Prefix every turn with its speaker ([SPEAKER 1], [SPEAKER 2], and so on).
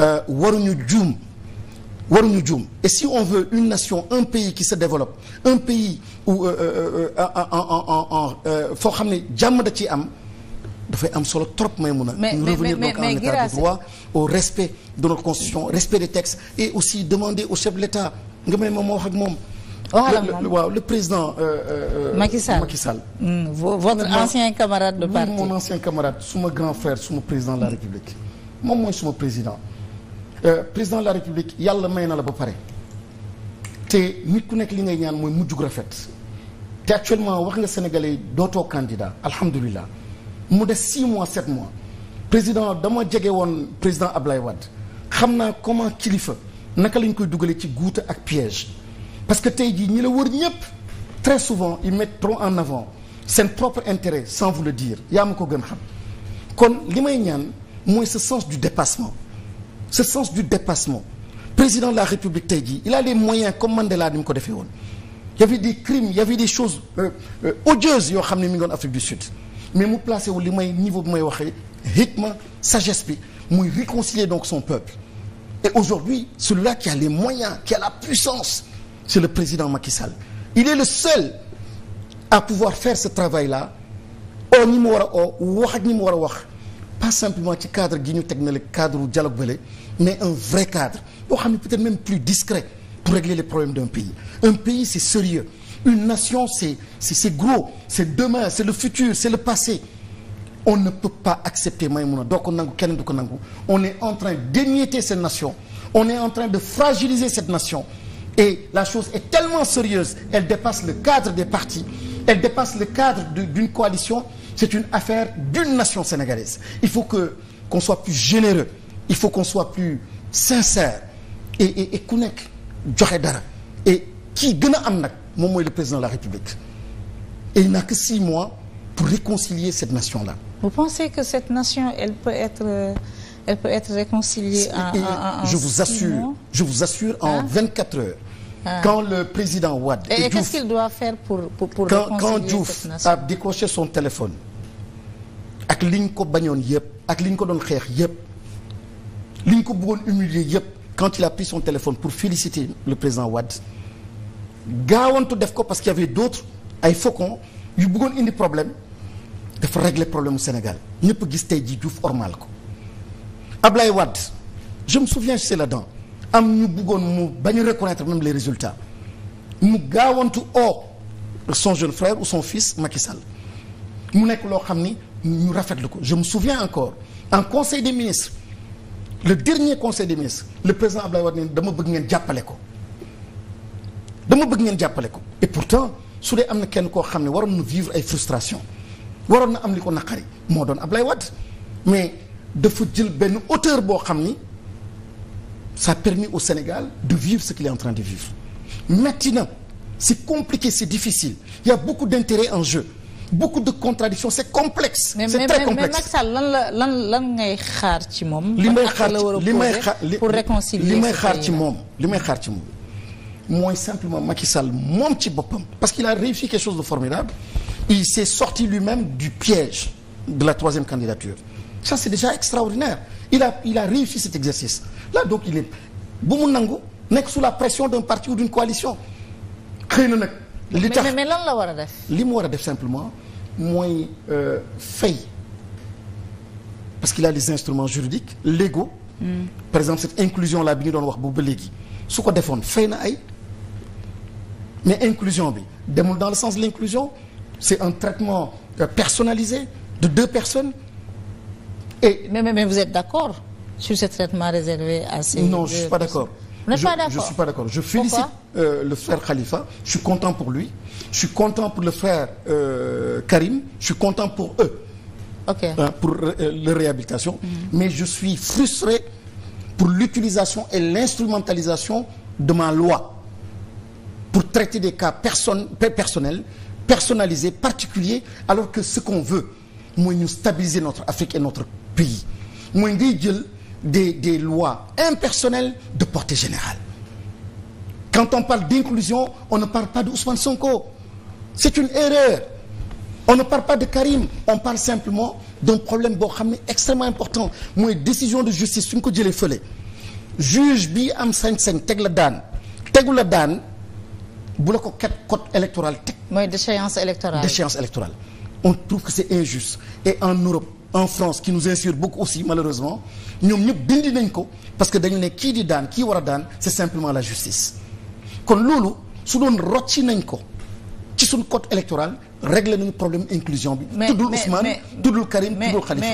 [SPEAKER 1] Euh, waruñu juum waruñu juum et si on veut une nation un pays qui se développe un pays foo xam ne jàmm da ci am dafay am solo trop may mun a revenir donc en état de droit au respect de notre constitution respect des textes et aussi demander au chef de l'État nga may moom ma wax ak moom oh, waaw le président euh, euh, Macky Sall Macky Sall hmm, votre ancien camarade de parti mon suma grand frère président la République moom mooy suma président Euh, président de la république yàlla may na la ba pare te nit ku nekk li ngay ñaan mooy mujj gu rafet te actuellement wax nga sénégalais yi dootoo candidat alhamdulilah mu des 6 mois 7 mois président dama jege woon président Ablaye Wade xam naa comment kilifa naka lañ koy dugalee ci guuta ak piège parce que tey jii ñi la wër ñëpp très souvent ils mettent en avant seen propre intéret sans vous le dire yaa ma ko gën xam kon li may ñaan mooy sa sens du dépassement ce sens du dépassement président de la république tey jii il a les moyens comme Mandela ni mu ko defee woon y avait des crimes y avait des choses euh, euh, odieuses yoo xam ne mi ngi woon Afrique du Sud mais mu placé wu li may niveau bi may waxee hikma sagesse bi muy réconcilier donc son peuple et aujourd'hui celui-là qui a les moyens qui a la puissance c'est le président Macky Sall il est le seul à pouvoir faire ce travail-là oo ñi mu war a wax ak ñi mu war a wax pas simplement ci cadre gi ñu teg na le cadre dialogue bële mais un vrai cadre boo xam ne peut-être même plus discret pour régler les problèmes d'un pays un pays c'est sérieux une nation c'est gros c'est demain c'est le futur c'est le passé on ne peut pas accepter Maïmouna doo ko nangu kenn du ko nangu on est en train d'émietter cette nation on est en train de fragiliser cette nation et la chose est tellement sérieuse elle dépasse le cadre des partis elle dépasse le cadre d'une coalition c'est une affaire d'une nation sénégalaise il faut que qu'on soit plus généreux il faut qu'on soit plus sincère et et ku nekk joxe dara et kii gën a am nag moom mooy le président de la République et il n'a que six mois pour réconcilier cette nation-là. Vous pensez que cette nation elle peut être elle peut être en en en je vous assure je vous assure en 24 heures Ah. Quand le président Wade et, et, et faire pour pour pour quand, quand Diouf a décroché son téléphone ak li ñu ko bañoon yëpp ak li ñu ko doon xeex yëpp li ñu ko bëggoon humilier yëpp quand il a pris son téléphone pour féliciter le président Wade gaawantu def ko parce qu'il y avait d'autres ay faucons yu bëggoon indi problème dafa régler problème au Sénégal ñëpp gis tey jii Diouf ormal ko Ablaye Wade je me souviens c'est là-dedans am ñu buggoon mu bañ a reconnaître même les résultats mu gaawantu oo son jeune frère ou son fils Macky Sall mu nekk loo xam ni ñu rafetlu ko je me souviens encore en conseil des ministres le dernier conseil des ministres le président Abdoulaye Wade ne dama bëgg ngeen jàppale ko dama bëgg ngeen jàppale ko et pourtant su dee am na kenn koo xam ne waroon na vivre ay frustration waroon na am li ko naqari moo doon Abdoulaye Wade mais dafa jël benn hauteur boo xam ni ça a permis au Sénégal de vivre ce qu'il est en train de vivre maintenant c'est compliqué c'est difficile il y a beaucoup d'intérêts en jeu beaucoup de contradictions c'est complexe. c'est très complexe mais Macky Sall lan la lan lan ngay xaar ci moom. li may xaar li may xaar pour li may xaar ci moom li may xaar ci moom mooy simplement Macky Sall moom ci boppam. parce qu'il a réussi quelque chose de formidable il s'est sorti lui-même du piège de la troisième candidature ça c'est déjà extraordinaire il a il a réussi cet exercice. là donc il est bu mu nangu nekk sous la pression d'un parti ou d'une coalition xëy na nag. li tax mais lan la war a def. li mu war a def simplement mooy euh, fay parce qu'il a des instruments juridiques légaux. Mm. par exemple cette inclusion là bi ñu doon wax boobu ba léegi su ko defoon fay na ay mais inclusion bi demul dans le sens de l'inclusion c'est un traitement euh, personnalisé de deux personnes et. mais mais, mais vous êtes d'accord sur ce traitement réservé à ces non je suis pas d'accord je, je suis pas d'accord je félicite euh, le frère Khalifa je suis content pour lui je suis content pour le frère euh, Karim je suis content pour eux okay. hein, pour euh, leur réhabilitation mm -hmm. mais je suis frustré pour l'utilisation et l'instrumentalisation de ma loi pour traiter des cas person personnels personnalisés particuliers alors que ce qu'on veut mooy ñu stabiliser notre Afrique et notre pays mooy ngay jël des des lois impersonnelles de portée générale quand on parle d'inclusion on ne parle pas de Ousmane Sonko c'est une erreur on ne parle pas de Karim on parle simplement d'un problème boo xam ne extrêmement important mooy décision de justice su ñu ko jëlee fële juge bi am sañ-sañ teg la daan tegu la daan bu la ko kat code électoral teg. mooy déchéance électorale déchéance électorale on trouve que c'est injuste et en Europe. en France qui nous inspire beaucoup aussi malheureusement ñoom ñëpp bindi nañ ko parce que dañu ne kii di daan kii war a daan c'est simplement la justice kon loolu su doon rocci nañ ko ci suñ code électoral réglé nañu problème inclusion bi tuddul du tuddul Karim tuddul Khalifa